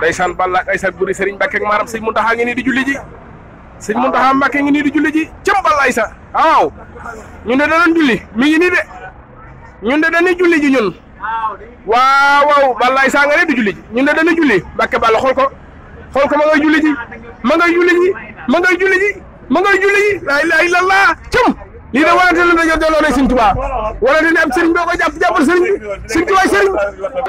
ndeysaan Balla ak Aysat buri Serigne Mbacke ak maaram sëñ Muntaxa ngi nii di julli ji sëñ Muntaxa Mbacke gi nii di julli ji cëm Balla Aysa waaw ñun de danañ julli mi ñun de dañuy julli ji ñun waaw waaw Balla Aysa nga ne di julli ji ñun de dañuy julli Mbacke Balla xool ko ma ngay julli ji ma ngay julli ji ma ngay julli ji ma ngay julli ji laa ilaaha illallaah da warante la dañoo delloo ne Sëñ Tuubaa ne ab sëriñ boo ko jàpp jàppal sëriñ bi Sëñ Tuubaa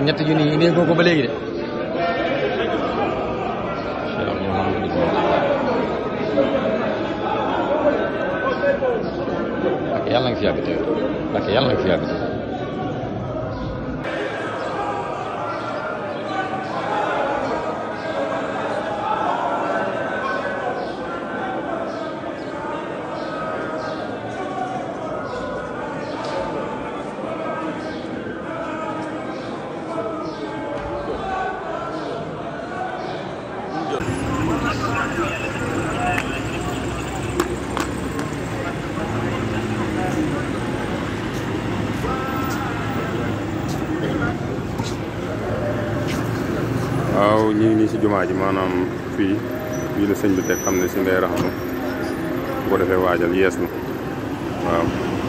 te ñetti junni yi indee ko ba léegi de. ak yàlla nga fi yàgg tey ak yàlla nga fi yàgg waaw ñu ngi nii si jumaa ji maanaam fii fii la sëñ bu teg xam ne si ngay raxamu bu ko defee waajal yees na waaw